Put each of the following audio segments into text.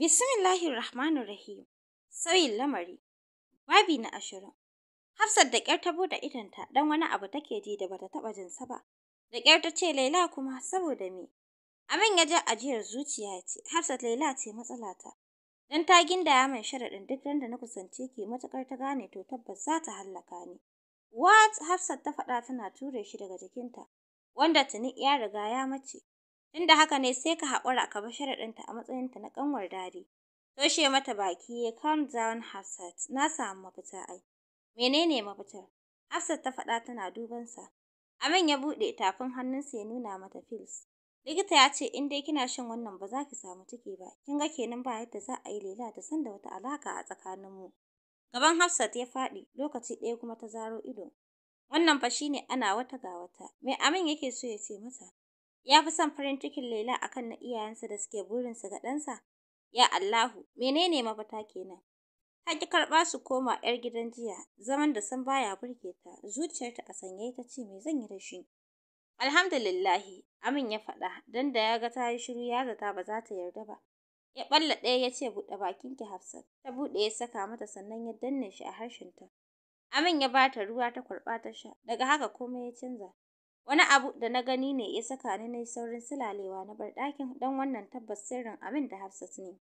Bismillahir Rahmanir Rahim. Sauyin lamari. Babi na ashirin. Hafsat da ƙyar ta buɗe idonta don wani abu take ji da bata taɓa jin sa ba. Da ƙyar ta ce Laila kuma saboda me? Amin ya ja ajiyar zuciya ce, Hafsat Laila ce matsala ta. Dan ta ya mai sharaɗin duk da na kusance ke matuƙar ta gane to tabbas za ta hallaka ni. What? Hafsat ta faɗa tana ture shi daga jikinta, wanda tuni ya riga ya mace. tunda haka ne sai ka haƙura ka bar sharaɗinta a matsayinta na ƙanwar dadi toshe mata baki ya calm down Hafsat na samu mafita ai menene mafitar Hafsat ta faɗa tana duban sa Amin ya buɗe tafin hannunsa ya nuna mata pills likita ya ce in dai kina shan wannan ba za ki samu ciki ba kin ga kenan ba yadda za a yi Laila ta san da wata alaka a tsakanin mu gaban Hafsat ya faɗi lokaci ɗaya kuma ta zaro ido wannan fa shine ana wata ga wata me Amin yake so ya ce mata ya fi son farin cikin Laila kan na iyayensa da suke burinsa ga ɗansa? Ya Allahu, menene mafita kenan? Ta ki karɓa su koma 'yar gidan jiya, zaman da san baya burge ta, zuciyarta a sanye ta ce me zan yi da shi? Alhamdulillahi, Amin ya faɗa, don da ya ga ta yi shiru ya zata ba za ta yarda ba. Ya ɓalla ɗaya ya ce buɗe bakin ki Hafsat, ta buɗe ya saka mata sannan ya danne shi a harshenta. Amin ya ba ta ruwa ta kurɓa ta sha, daga haka komai ya canza. Wani abu da na gani ne ya saka ni na saurin sulalewa na bar ɗakin don wannan tabbas sirrin Amin da Hafsat ne.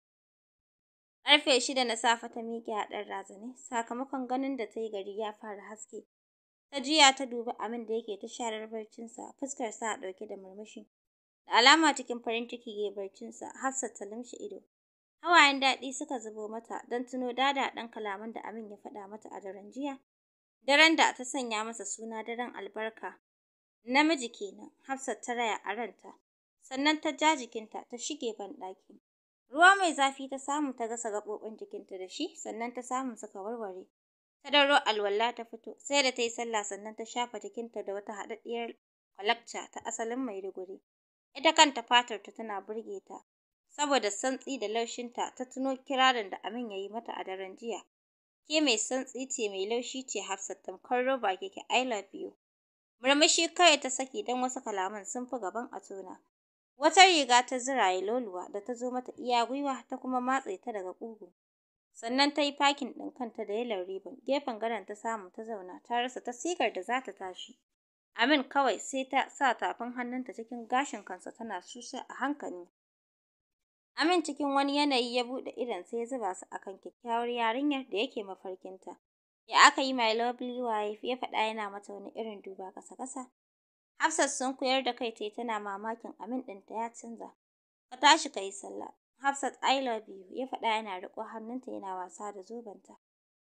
Karfe shida na safe ta miƙe a ɗan razane sakamakon ganin da ta yi gari ya fara haske. Ta jiya ta dubi Amin da yake ta sharar barcinsa, sa a ɗauke da murmushi. Da alama cikin farin ciki ya yi barcinsa, Hafsat ta lumshe ido. Hawayen daɗi suka zubo mata don tuno dada ɗan kalaman da Amin ya faɗa mata a daren jiya, daren da ta sanya masa suna daren albarka. namiji kenan Hafsat ta raya a ranta sannan ta ja jikinta ta shige banɗaki ruwa mai zafi ta samu ta gasa gaɓoɓin jikinta da shi sannan ta samu suka warware ta daro alwala ta fito sai da ta yi sallah sannan ta shafa jikinta da wata haɗaɗɗiyar kwalakta ta asalin Maiduguri ita kanta fatarta tana burge ta saboda santsi da laushinta ta tuno kirarin da Amin ya yi mata a daren jiya ke mai santsi ce mai laushi ce Hafsat tamkar roba keke I love you Murmushi kawai ta saki don wasu kalaman sun fi gaban a tona. Wata riga ta ziraye loluwa da ta zo mata iya gwiwa ta kuma matse ta daga ƙugu. Sannan ta yi fakin ɗin kanta da yalon ribon, gefen gadon ta samu ta zauna ta rasa ta sigar da za ta tashi. Amin kawai sai ta sa tafin hannunta cikin gashin kansa tana susa a hankali. Amin cikin wani yanayi ya buɗe sai ya zuba su a kan kyakkyawar yarinyar da yake mafarkinta. Ya aka yi my lovely wife? Ya faɗa yana mata wani irin duba kasa kasa Hafsat sun koyar da kai tai tana mamakin amin ɗinta ya canza. Ka tashi ka yi sallah. Hafsat I love you ya faɗa yana riƙo hannunta yana wasa da zobenta.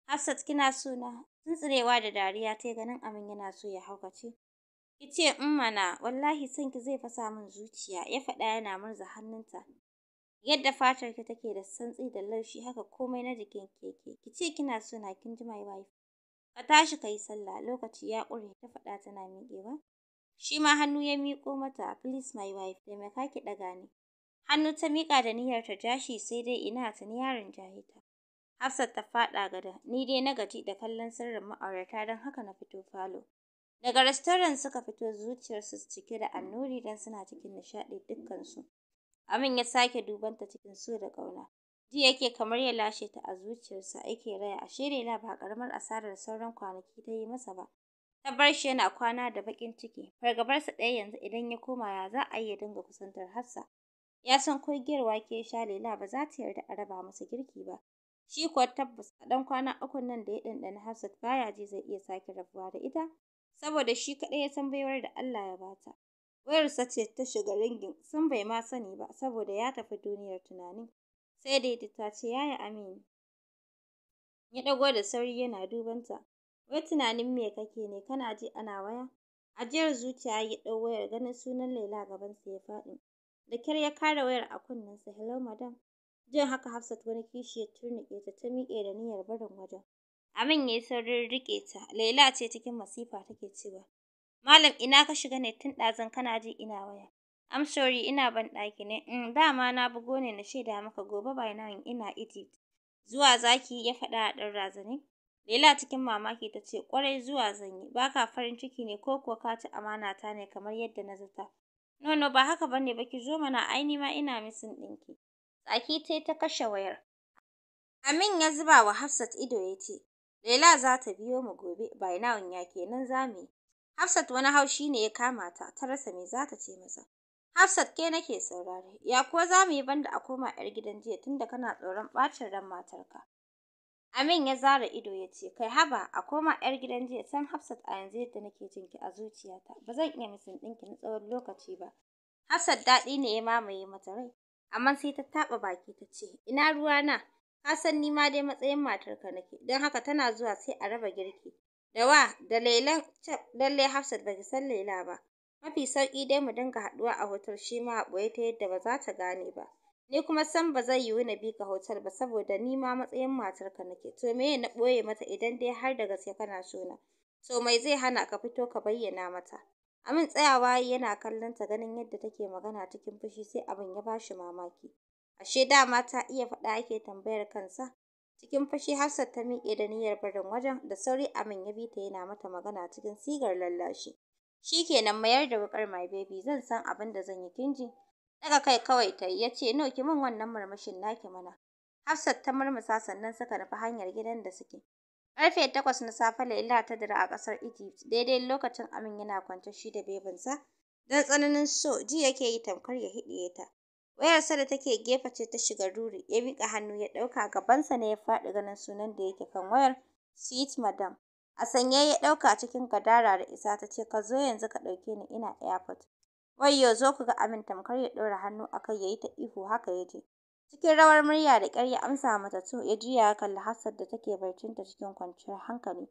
Hafsat kina so na? Tsintsirewa da dariya ta ganin amin yana so ya haukace. Ki ce in mana wallahi son ki zai fasa min zuciya ya faɗa yana murza hannunta. Yadda fatar fatarki take da santsi da laushi haka komai na jikinki yake. Ki ce kina so na kin ji my wife. Ka tashi ka yi sallah lokaci ya ƙure ta faɗa tana miƙewa. Shi ma hannu ya miƙo mata please my wife taimaka ki ɗaga ni. Hannu ta miƙa da niyyar ta jashi sai dai ina ta ni yaron jahi ta. Hafsat ta faɗa gada ni dai na gaji da kallon sirrin ma'aurata don haka na fito falo. Daga rastorant suka fito zuciyarsu cike da annuri don suna cikin nishaɗi dukkansu. Abin ya sake duban ta cikin so da ƙauna. Ji yake kamar ya lashe ta a zuciyarsa ake raya ashe Laila ba karamar asarar sauran kwanaki ta yi masa ba. Ta bar shi yana kwana da bakin ciki. Fargabarsa ɗaya yanzu idan ya koma ya za a yi ya dinga kusantar hassa Ya san ko giyar ke sha lela ba za ta yarda a raba masa girki ba. Shi kuwa tabbas a ɗan kwana ukun nan da ya ɗanɗana Hafsat baya ji zai iya sake rabuwa da ita. Saboda shi kaɗai ya san baiwar da Allah ya bata. Wayarsa ce ta shiga ringin sun bai ma sani ba saboda ya tafi duniyar tunanin, sai dai ta ta ce "Yaya Aminu." Ya ɗago da sauri yana dubanta. "Wai tunanin me kake ne, kana ji ana waya?" Ajiyar zuciya ya ɗau wayar ganin sunan Laila gabansa ya faɗi. Da kyar ya kare wayar a kunnensa, "Hello madam." Jin haka Hafsat wani kishi ya turnuƙe ta ta miƙe da niyyar barin wajen. Amin ya yi saurin riƙe ta. Laila ce cikin masifa take cewa. Malam ina ka shiga ne tun ɗazan? kana ji ina waya. I'm sorry ina ban ɗaki ne. Mm, dama na bugo ne na shaida maka gobe by now ina Egypt. Zuwa zaki ya faɗa a ɗan razani. Laila cikin mamaki ta ce kwarai zuwa zanyi. baka farin ciki ne ko kuwa ka ci amana ta ne kamar yadda na zata. Nono, ba haka bane ba ki zo mana aini ma ina misin ɗinki. Tsaki ta ta kashe wayar. Amin ya zuba wa Hafsat ido ya ce, Laila za ta biyo mu gobe, by now ya kenan za mu yi. Hafsat wani haushi ne ya kama ta, ta rasa me za ta ce masa. Hafsat ke nake saurare, ya kuwa za mu yi banda a koma 'yar gidan jiya tunda kana tsoron ɓacin ran matarka. Amin ya zara ido ya ce, kai haba a koma 'yar gidan jiya san Hafsat a yanzu yadda nake jin ki a zuciyata, ba zan iya misin ɗinki na tsawon lokaci ba. Hafsat daɗi ne ya mamaye mata rai, amma sai ta taɓa baki ta ce, ina ruwana, ka san ni ma dai matsayin matarka nake, don haka tana zuwa sai a raba girki. da wa da Laila cab lallai Hafsat ba baki san Laila ba mafi sauƙi dai mu dinga haɗuwa a hotel shi ma a boye ta yadda ba za ta gane ba ni kuma san ba zai yiwu na bi ka hotel ba saboda ni ma matsayin matarka nake to meye na ɓoye mata idan dai har da gaske kana so na to mai zai hana ka fito ka bayyana mata Amin tsayawa yana kallon ta ganin yadda take magana cikin fushi sai abin ya bashi mamaki ashe dama ta iya faɗa yake tambayar kansa Cikin fushi Hafsat ta miƙe da niyyar barin wajen, da sauri Amin ya bi ta yana mata magana cikin sigar lallashi. Shi kenan mayar da wukar my baby zan san abin da zan yi kinji. Daga kai kawai ta ya ce no ki min wannan murmushin naki mana. Hafsat ta murmusa sannan suka nufi hanyar gidan da suke. Karfe takwas na safe Laila ta dira a ƙasar Egypt daidai lokacin Amin yana kwance shi da bebinsa. Don tsananin so ji yake yi tamkar ya hiɗiye ta. Wayarsa da take gefe ce ta shiga ruri, ya miƙa hannu ya ɗauka, gabansa ne ya faɗi ganin sunan da yake kan wayar, "Sweet madam." A sanye ya ɗauka cikin gadara da isa ta ce, "Ka zo yanzu ka ɗauke ni ina airport." "Wayyo zo ku ga Amin," tamkar ya ɗora hannu a kai ya yi ta ihu haka ya je. Cikin rawar murya da ƙyar ya amsa mata to, ya juya ya kalli Hafsat da take barcin ta cikin kwanciyar hankali.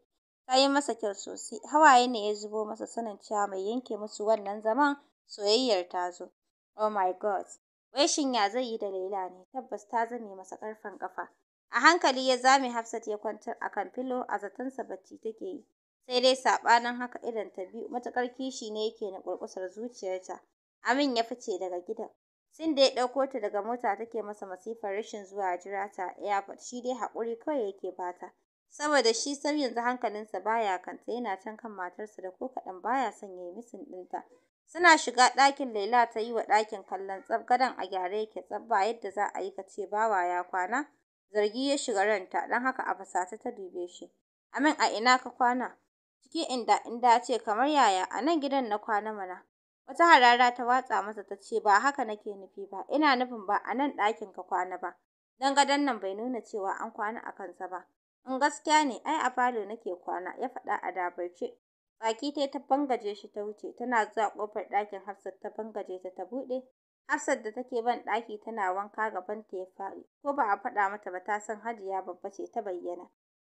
Ta yi masa kyau sosai, hawaye ne ya zubo masa sanin cewa mai yanke musu wannan zaman soyayyar ta zo. "Oh my God!" Wai shin ya zai yi da Laila ne? Tabbas ta zame masa ƙarfin ƙafa. A hankali ya zame Hafsat ya kwantar a kan filo a sa bacci take yi. Sai dai saɓanin haka idan ta biyu matuƙar kishi ne yake na kurkusar zuciyarta. Amin ya fice daga gidan. Sin da ya ɗauko ta daga mota take masa masifar rashin zuwa jira ta airport shi dai hakuri kawai yake bata. Saboda shi sam yanzu hankalinsa baya kanta yana can kan matarsa da ko kaɗan baya son ya yi misin ɗinta. Suna shiga ɗakin, Laila ta yi wa ɗakin kallon tsaf, gadon a gyare yake tsaf, yadda za a yi ka ce bawa ya kwana, zargi ya shiga ranta, don haka a fasata ta dube shi. Amin a ina ka kwana? ciki inda-inda ce, kamar yaya, a nan gidan na kwana mana. Wata harara ta watsa masa ta ce, ba haka nake nufi ba, ina nufin ba a nan ɗakin ka kwana ba, don gadon nan bai nuna cewa an kwana a kansa ba. In mm, gaskiya ne, ai a falo nake kwana, ya faɗa a dabarce. Baki ta yi ta bangaje shi ta wuce, tana zuwa ƙofar ɗakin Hafsat ta bangaje ta ta buɗe. Hafsat da take ban ɗaki tana wanka gaban ta ya faɗi, ko ba a faɗa mata ba ta san Hajiya babba ce ta bayyana.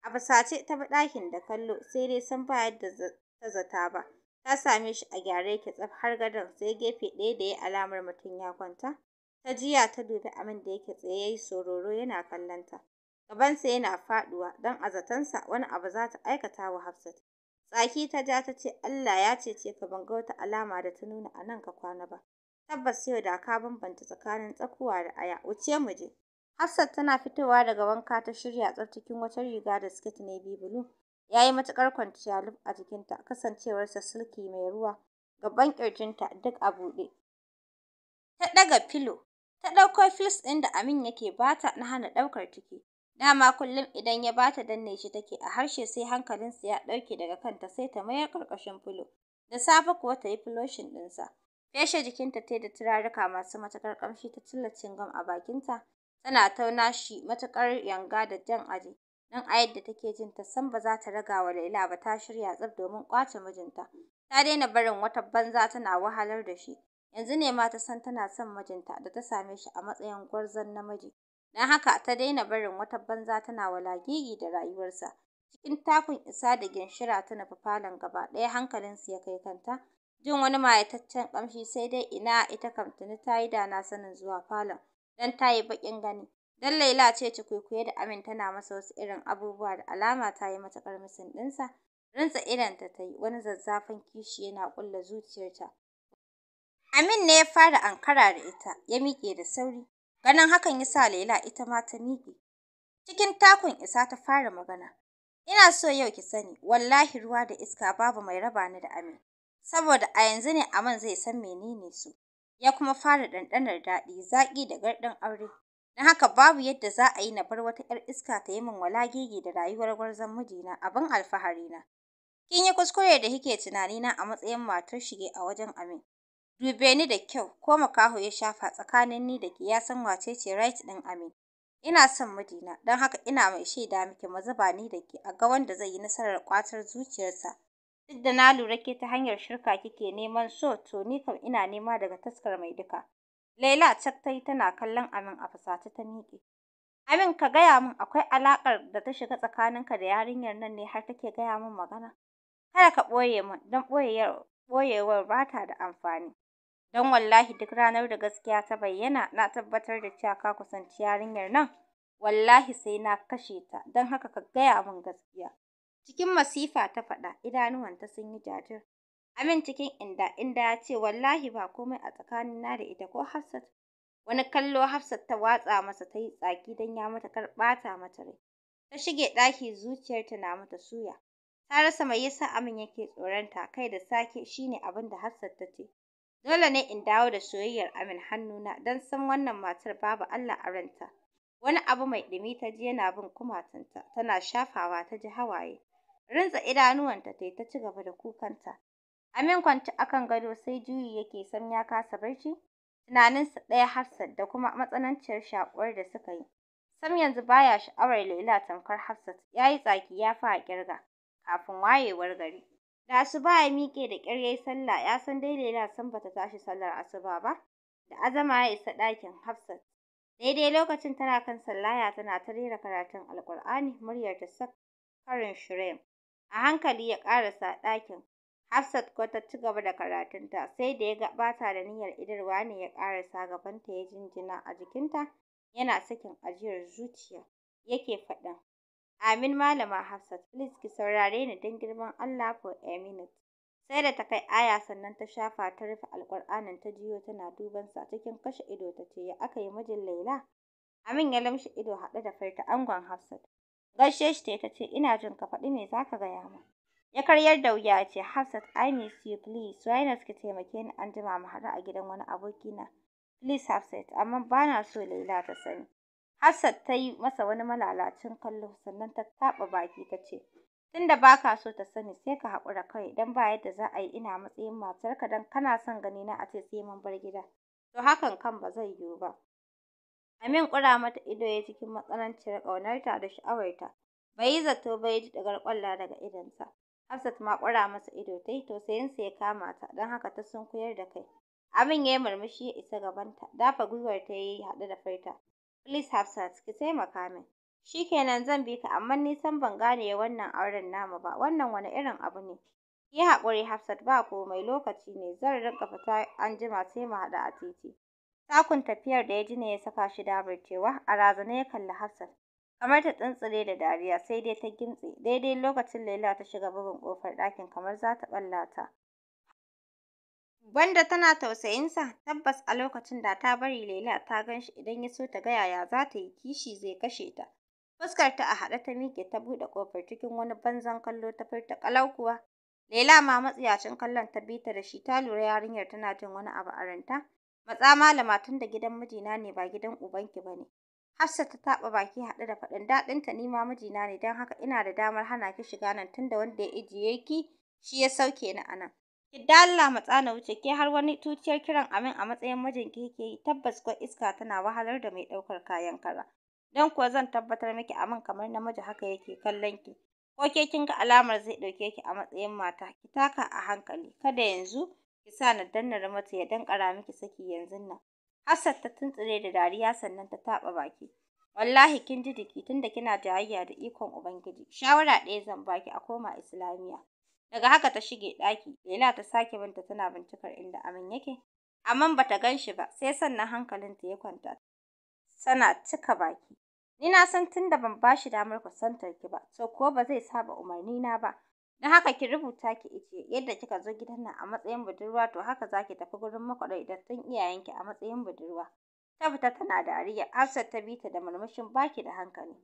A fusace ta bi ɗakin da kallo, sai dai sun ba yadda ta zata ba. Ta same shi a gyare yake tsaf har gadon, sai gefe ɗaya da ya alamar mutum ya kwanta. Ta jiya ta dubi Amin da yake tsaye ya yi sororo yana kallon ta. Gabansa yana faɗuwa, don a sa wani abu za ta aikata wa Hafsat. Tsaki ta ja ta ce, Allah ya cece ka ban ga wata alama da ta nuna a nan ka kwana ba. Tabbas yau da ka bambanta tsakanin tsakuwa da aya, wuce mu je. Hafsat tana fitowa daga wanka ta shirya tsar cikin wata riga da siket ne blue. Ya yi matuƙar kwanciya luf a jikinta, kasancewarsa silki mai ruwa, gaban ƙirjinta duk a buɗe. Ta ɗaga filo, ta ɗauko fils ɗin da Amin yake bata na hana ɗaukar ciki. Dama kullum idan ya bata danne shi take a harshe sai hankalin hankalinsa ya ɗauke daga kanta sai ta mayar karkashin filo, da safe kuwa ta yi fuloshin ɗinsa. Feshe jikinta ta da turaruka masu matuƙar kamshi ta cilla gam a bakinta, tana tauna shi matuƙar yanga da jan aji, don a yadda take jin ta san ba za ta raga wa Laila ba ta shirya tsaf domin ƙwace mijinta. Ta daina barin wata banza tana wahalar da shi, yanzu ne ma ta san tana son mijinta da ta same shi a matsayin gwarzon namiji. Don haka ta daina barin wata banza tana walagigi da rayuwarsa. Cikin takun isa da ginshira ta nufi falon gaba ɗaya hankalinsu ya kai kanta. Jin wani mayataccen ƙamshi sai dai ina ita kam tuni ta yi dana sanin zuwa falon don ta yi baƙin gani. don Laila ce cukwekwaye da Amin tana masa wasu irin abubuwa da alama ta yi matuƙar misin ɗinsa. rinsa irin ta yi wani zazzafin kishi yana ƙulla zuciyarta. Amin ne ya fara ankara da ita, ya miƙe da sauri. Ganin hakan ya sa Laila ita ma ta miƙe. Cikin takun isa ta fara magana. Ina so yau ki sani, wallahi ruwa da iska babu mai raba ni da Amin. Saboda a yanzu ne Aman zai san menene su. Ya kuma fara ɗanɗanar daɗi, zaƙi da garɗin aure. Na haka babu yadda za a yi na bar wata 'yar iska ta yi min wala gege da rayuwar gwarzon mijina abin alfahari na. Kin yi kuskure da kike tunanina a matsayin matar shige a wajen Amin. Dube ni da kyau ko makaho ya shafa tsakanin ni da kiyasan ya san wacece Wright ɗin Amin. Ina son mijina, don haka ina mai shaida miki mu zuba ni da ke a ga wanda zai yi nasarar ƙwatar zuciyarsa. Duk da na lura ke ta hanyar shirka kike neman so, to ni kam ina nema daga taskar mai duka. Laila cak ta yi tana kallon Amin a fusace ta miƙe. Amin ka gaya min akwai alaƙar da ta shiga tsakaninka da yarinyar nan ne har take gaya min magana? Kada ka ɓoye min, don ɓoyewar ba ta da amfani. Don wallahi duk ranar da gaskiya ta bayyana na tabbatar da cewa ka kusanci yarinyar nan, wallahi sai na kashe ta, don haka ka gaya min gaskiya. Cikin masifa ta faɗa, idanuwanta sun yi jajir. Amin cikin inda-inda ya ce wallahi ba komai a tsakanin na da ita ko Hafsat. Wani kallo Hafsat ta watsa masa ta yi tsaki don ya mata karɓata mata rai. Ta shige ɗaki zuciyarta na mata suya. Ta rasa mai yasa Amin yake tsoronta kai da sake shine abin da Hafsat ta ce. Dole ne in dawo da soyayyar Amin hannuna don san wannan matar babu Allah a ranta. Wani abu mai ɗumi ta ji yana bin kumatunta, tana shafawa ta ji hawaye. Rintsa idanuwanta ta ta ci gaba da kukanta. Amin kwance a kan gado sai juyi yake san ya kasa barci. Tunaninsa ɗaya Hafsat da kuma matsananciyar shakuwar da suka yi. Sam yanzu baya sha'awar Laila tamkar Hafsat, ya yi tsaki ya fi a ƙirga kafin wayewar gari. Da ba ya miƙe da ƙyar yayi sallah, ya san daidai yana san ba ta tashi sallar asuba ba. Da azama ya isa ɗakin Hafsat. Daidai lokacin tana kan sallaya tana ta rera karatun Alƙur'ani, muryar ta sakarin Shirem. A hankali ya ƙarasa ɗakin. Hafsat ko ta ci gaba da karatunta, sai da ya ga ta da niyyar idarwa ne ya ƙarasa gabanta ya jinjina a jikinta, yana sakin ajiyar zuciya. Yake faɗin Amin Malama Hafsat, please ki saurare ni don girman Allah for a Sai da ta kai aya sannan ta shafa ta rufe Alƙur'anin ta jiyo tana dubansa cikin kashe ido ta ce, ya aka yi mijin Laila? Amin ya lamshe ido haɗe da farta angon Hafsat. Gaishe shi ta ce, ina jin ka faɗi me za ka gaya min. Ya karyar da wuya ce, Hafsat, I miss you please, why not ki taimake ni an jima mu haɗu a gidan wani aboki na, Please Hafsat, amma ba na so Laila ta sani. Hafsat ta yi masa wani malalacin kallo sannan ta taɓa baki ta ce tunda ba ka so ta sani sai ka haƙura kawai don ba yadda za a yi ina matsayin matarka don kana son gani na a ce sai mun bar gida to hakan kan ba zai yiwu ba Amin ƙura mata ido ya cikin matsananciyar ƙaunarta da sha'awarta bai yi zato ba ya ji ɗagar ƙwalla daga idonsa Hafsat ma ƙura masa ido ta yi tausayinsa ya kama ta don haka ta sunkuyar da kai Amin ya yi murmushi ya isa gabanta dafa gwiwar ta ya yi haɗe da farta Please Hafsat ki taimaka min. shi kenan zan bi ka amma nisan ban gane wannan auren namu ba. Wannan wani irin abu ne? Ki haƙuri Hafsat ba komai lokaci ne zan rinka fita an jima sai mu haɗu a titi. Takun tafiyar da ya ji ne ya saka shi cewa a razana ya kalli Hafsat. Kamar ta tsintsire da dariya sai dai ta gimtse daidai lokacin Laila ta shiga bugun ƙofar ɗakin kamar za ta ɓalla ta. Wanda tana tausayinsa, tabbas a lokacin da ta bari Laila ta gan shi idan ya so ta ga yaya za ta yi kishi zai kashe ta. Fuskarta a haɗe ta mike ta buɗe ƙofar cikin wani banzan kallo ta furta ƙalau kuwa. Laila ma matsiyacin kallon ta bi ta da shi ta lura yarinyar tana jin wani abu a ranta. Matsa malama tun da gidan mijina ne ba gidan ubanki ba ne. Hafsat ta taɓa baki haɗe da faɗin daɗinta ni ma mijina ne don haka ina da damar hana ki shiga nan tunda wanda ya ijiye ki shi ya sauke ni a nan. ki allah matsa na wuce ke har wani tuciyar kiran amin a matsayin mijinki yake yi tabbas ko iska tana wahalar da mai ɗaukar kayan kara don kuwa zan tabbatar miki amin kamar namiji haka yake kallon ki ko ke kin ga alamar zai ɗauke ki a matsayin mata ki taka a hankali kada yanzu ki sa na danna mata ya dankara miki saki yanzun nan Hafsat ta tuntsire da dariya sannan ta taɓa baki wallahi kin ji jiki tunda kina jayayya da ikon ubangiji shawara ɗaya zan baki a koma islamiyya. Daga haka ta shige ɗaki, Laila ta sake binta tana bincikar inda Amin yake. Amma bata gan shi ba, sai sannan hankalinta ya kwanta. Tana cika baki. Ni na san tunda ban bashi damar kusantar ki ba, to ko ba zai saba umarni na ba. dan haka ki rubuta ki ice yadda kika zo gidan nan a matsayin budurwa to haka zaki tafi gurin makwaɗaitattun iyayenki a matsayin budurwa. Ta fita tana dariya, Hafsat ta bi ta da murmushin baki da hankali.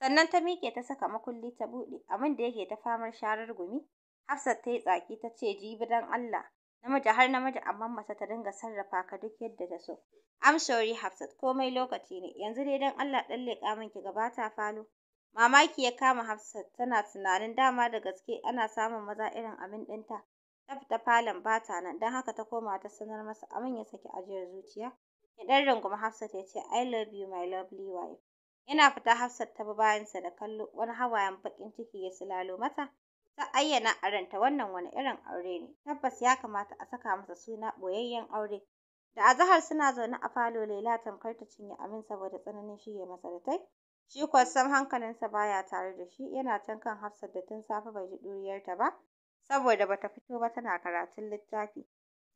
Sannan ta miƙe ta saka makulli ta buɗe, abin da yake ta famar sharar gumi. Hafsat ta yi tsaki ta ce jibi don Allah namiji har namiji amma mace ta dinga sarrafa ka duk yadda ta so. I'm sorry Hafsat komai lokaci ne yanzu dai don Allah ɗan leƙa min ki gabata falo. Mamaki ya kama Hafsat tana tunanin dama da gaske ana samun maza irin amin ɗinta. Ta fita falon ba ta nan don haka ta koma ta sanar masa amin ya saki ajiyar zuciya. Ya ɗan rungumi Hafsat ya ce I love you my lovely wife. Yana fita Hafsat ta bi bayansa da kallo wani hawayen baƙin ciki ya silalo mata. ta ayyana a wannan wani irin aure ne tabbas ya kamata a saka masa suna boyayyen aure da azahar suna zaune a falo Laila tamkar ta cinye amin saboda tsananin shige masa da tai shi kuwa sam hankalinsa baya tare da shi yana can kan Hafsat da tun safe bai ji ɗuriyarta ba saboda bata fito ba tana karatun littafi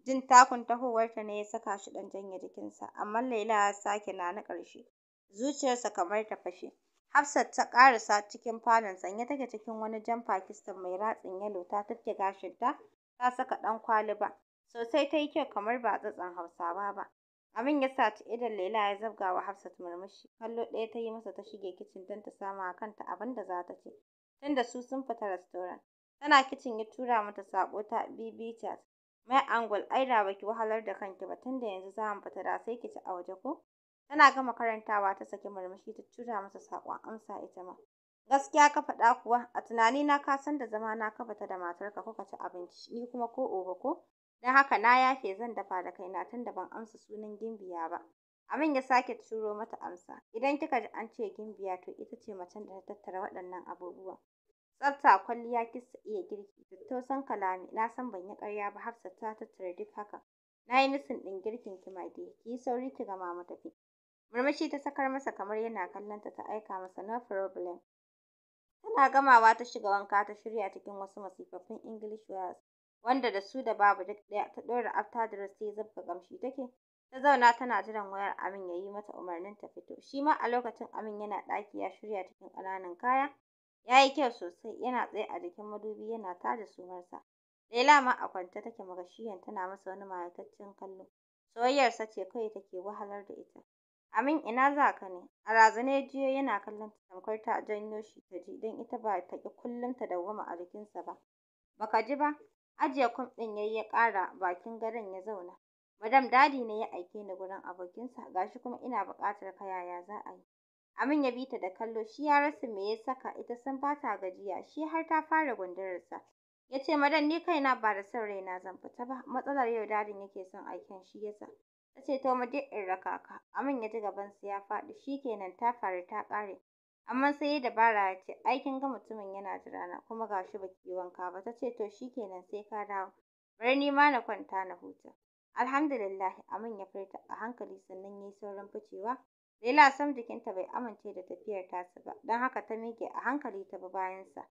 jin takun tahowarta ne ya saka shi dan janye jikinsa amma Laila ya sake na na ƙarshe zuciyarsa kamar ta fashe Hafsat ta ƙarasa cikin falon sanye take cikin wani jan Pakistan mai ratsin yalo ta tafke gashinta ta saka kwali ba sosai ta yi kyau kamar ba tsatsan Hausawa ba. Abin ya sa ta idon Laila ya zabga wa Hafsat murmushi, kallo ɗaya ta yi masa ta shige kicin don ta a kanta abin da za ta ce, tunda su sun fita restaurant. Tana kicin ya tura mata saƙo ta BB chat. Mai angul ai baki wahalar da kanki ba tunda yanzu za mu fita da sai ki ci a waje ko? Tana gama karantawa ta saki murmushi ta tura masa saƙon amsa ita ma. Gaskiya ka faɗa kuwa, a tunani na ka san da zama na ka fita da matarka kuka ci abinci, ni kuma ko oba ko? dan haka na yafe zan dafa da kaina tunda ban amsa sunan Gimbiya ba. Amin ya sake turo mata amsa, idan kika ji an ce Gimbiya to ita ce macen da ta tattara waɗannan abubuwa Tsafta, kwalliya, sa iya girki, tattausan kalami, na san ban yi ƙarya ba hafsa ta tattara duk haka. Na yi nufin ɗin girkin ki ma ki yi sauri ki gama mu tafi. Murmushi ta sakar masa kamar yana kallon ta ta aika masa no problem. Tana gamawa ta shiga wanka ta shirya cikin wasu masifaffun English words wanda da su da babu duk ɗaya ta ɗora after dress sai zabka gamshi take. Ta zauna tana jiran wayar Amin ya yi mata umarnin ta fito. Shi ma a lokacin Amin yana ɗaki ya shirya cikin kananan kaya. Ya yi kyau sosai yana tsaye a jikin madubi yana tada sumarsa. Laila ma a kwance take magashiyan tana masa wani mayataccen kallo. Soyayyarsa ce kawai take wahalar da ita. Amin ina za ka ne? A razane ya jiyo yana ta tamkar ta janyo shi ta ji don ita ba ta ƙi kullum ta dawwama a jikinsa ba. Ba ka ji ba? Ajiye kum ɗin ya yi ya ƙara bakin gadon ya zauna. Madam Dadi ne ya aike ni gurin abokinsa gashi kuma ina buƙatar ka yaya za a yi? Amin ya bi ta da kallo shi ya rasa me ya saka ita sun ba ta gajiya shi har ta fara gundurarsa. Ya ce madam ni kaina ba da son raina zan fita ba matsalar yau dadin yake son aiken shi ya sa. Ta ce to mu je in raka ka. Amin ya ji gaban sa ya faɗi shi kenan ta fara ta ƙare. Amma sai ya dabara ya ce ai kin ga mutumin yana jira na kuma ga shi baki wanka ba. Ta ce to shi kenan sai ka dawo. Bari ni ma na kwanta na huta. Alhamdulillah Amin ya furta a hankali sannan ya yi saurin ficewa. Laila sam jikinta bai amince da tafiyar su ba dan haka ta miƙe a hankali ta bi bayansa.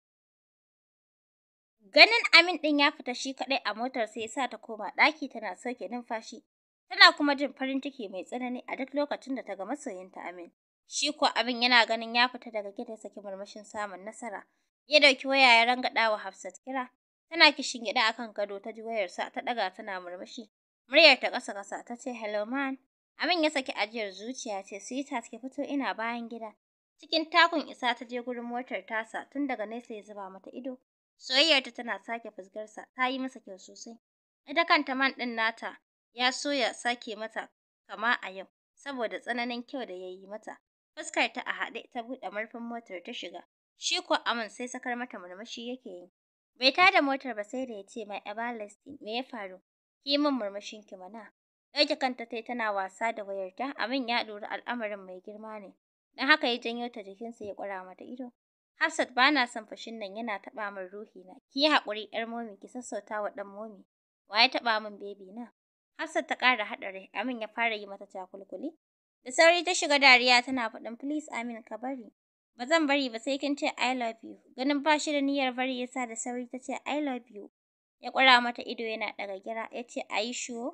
Ganin Amin ɗin ya fita shi kaɗai a motar sai ya sa ta koma ɗaki tana sauke numfashi. Tana kuma jin farin ciki mai tsanani a duk lokacin da ta ga masoyinta Amin. Shi kuwa abin yana ganin ya fita daga gida saki murmushin samun nasara. Ya dauki waya ya rangada wa Hafsat kira. Tana kishin gida akan gado ta ji wayarsa ta daga tana murmushi. Muryar ta kasa kasa ta ce hello man. Amin ya saki ajiyar zuciya ce sweetheart ke fito ina bayan gida. Cikin takun isa ta je gurin motar tasa tun daga nesa ya zuba mata ido. Soyayyarta tana sake fusgarsa ta yi masa kyau sosai. Ita kanta man ɗin nata ya so ya sake mata kama a yau saboda tsananin kyau da ya yi mata fuskar ta a haɗe ta buɗe murfin motar ta shiga shi ko amin sai sakar mata murmushi yake yi bai ta da motar ba sai da ya ce mai everlasting me ya faru ki min murmushin ki mana ɗauke kanta tai tana wasa da wayarta abin ya ɗori al'amarin mai girma ne don haka ya janyo ta jikinsa ya ƙura mata ido Hafsat ba na son fashin nan yana taɓa min na ki yi haƙuri 'yar momi ki sassauta wa ɗan momi wa ya taɓa min bebi na Hafsat ta ƙara haɗari, Amin ya fara yi mata takulkuli. Da sauri ta shiga dariya tana faɗin please Amin ka bari. Ba zan bari ba sai kin ce I love you. Ganin ba shi da niyyar bari ya sa da sauri ta ce I love you. Ya ƙura mata ido yana ɗaga gira ya ce are you sure?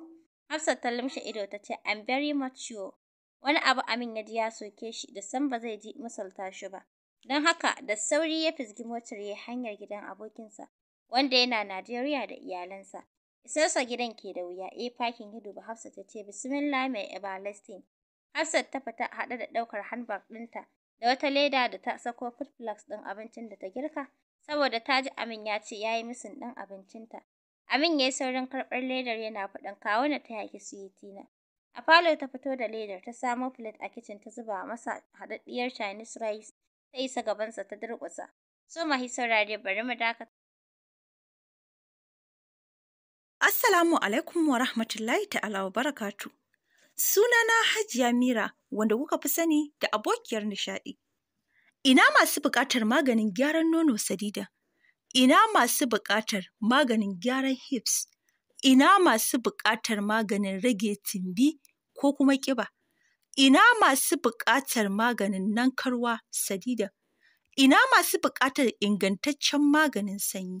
Hafsat ta lumshe ido ta ce I'm very much sure. Wani abu Amin ya ji ya soke shi da san ba zai ji misalta shi ba. Don haka da sauri ya fizgi motar ya hanyar gidan abokinsa wanda yana Najeriya da iyalansa. Isarsa gidan ke da wuya, e eh, fakin ya ba Hafsat ta ce bismillah mai everlasting. Hafsat ta fita haɗe da ɗaukar handbag ɗinta da wata leda da ta sako food ɗin abincin da ta girka saboda ta ji Amin ya ce ya yi misin ɗin abincinta. Amin ya yi saurin karɓar ledar yana faɗin kawo na taya su yi A falo ta fito da ledar ta samo plate a kitchen ta zuba masa haɗaɗɗiyar Chinese rice ta isa gabansa ta durƙusa. So mahi saurare bari mu dakata. Assalamu alaikum wa rahmatullahi ta'ala wa barakatu. Sunana Hajiya Mira wanda kuka fi sani da abokiyar nishaɗi. Ina masu buƙatar maganin gyaran nono sadida. Ina masu buƙatar maganin gyaran hips. Ina masu buƙatar maganin rage tumbi ko kuma ƙiba. Ina masu buƙatar maganin nankarwa sadida. Ina masu buƙatar ingantaccen maganin sanyi.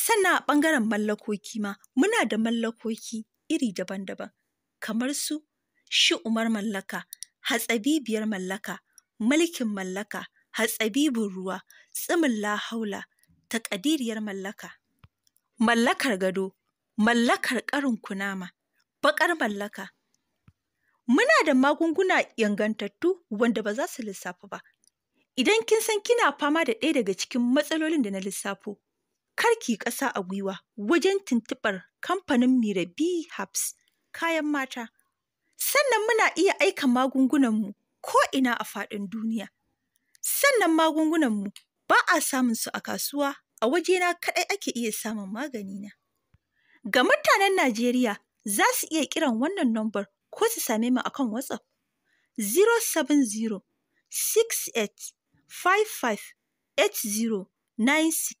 sannan a ɓangaren mallakoki ma muna da mallakoki iri daban-daban kamar su shi umar mallaka hatsabibiyar mallaka mulkin mallaka hatsabibin ruwa tsimin lahaula taƙadiriyar mallaka mallakar gado mallakar ƙarin kunama baƙar mallaka muna da magunguna yangantattu wanda ba za su lissafa ba idan kin san kina fama da ɗaya daga cikin matsalolin da na lissafo karki ƙasa a gwiwa wajen tuntuɓar kamfanin Mirabi Hubs kayan mata. Sannan muna iya aika magungunanmu ina a faɗin duniya. Sannan magungunanmu ba a samun su a kasuwa a wajena kaɗai ake iya samun magani na. Ga mutanen Najeriya za su iya kiran wannan nombar ko su same mu akan WhatsApp 070 68 55 six.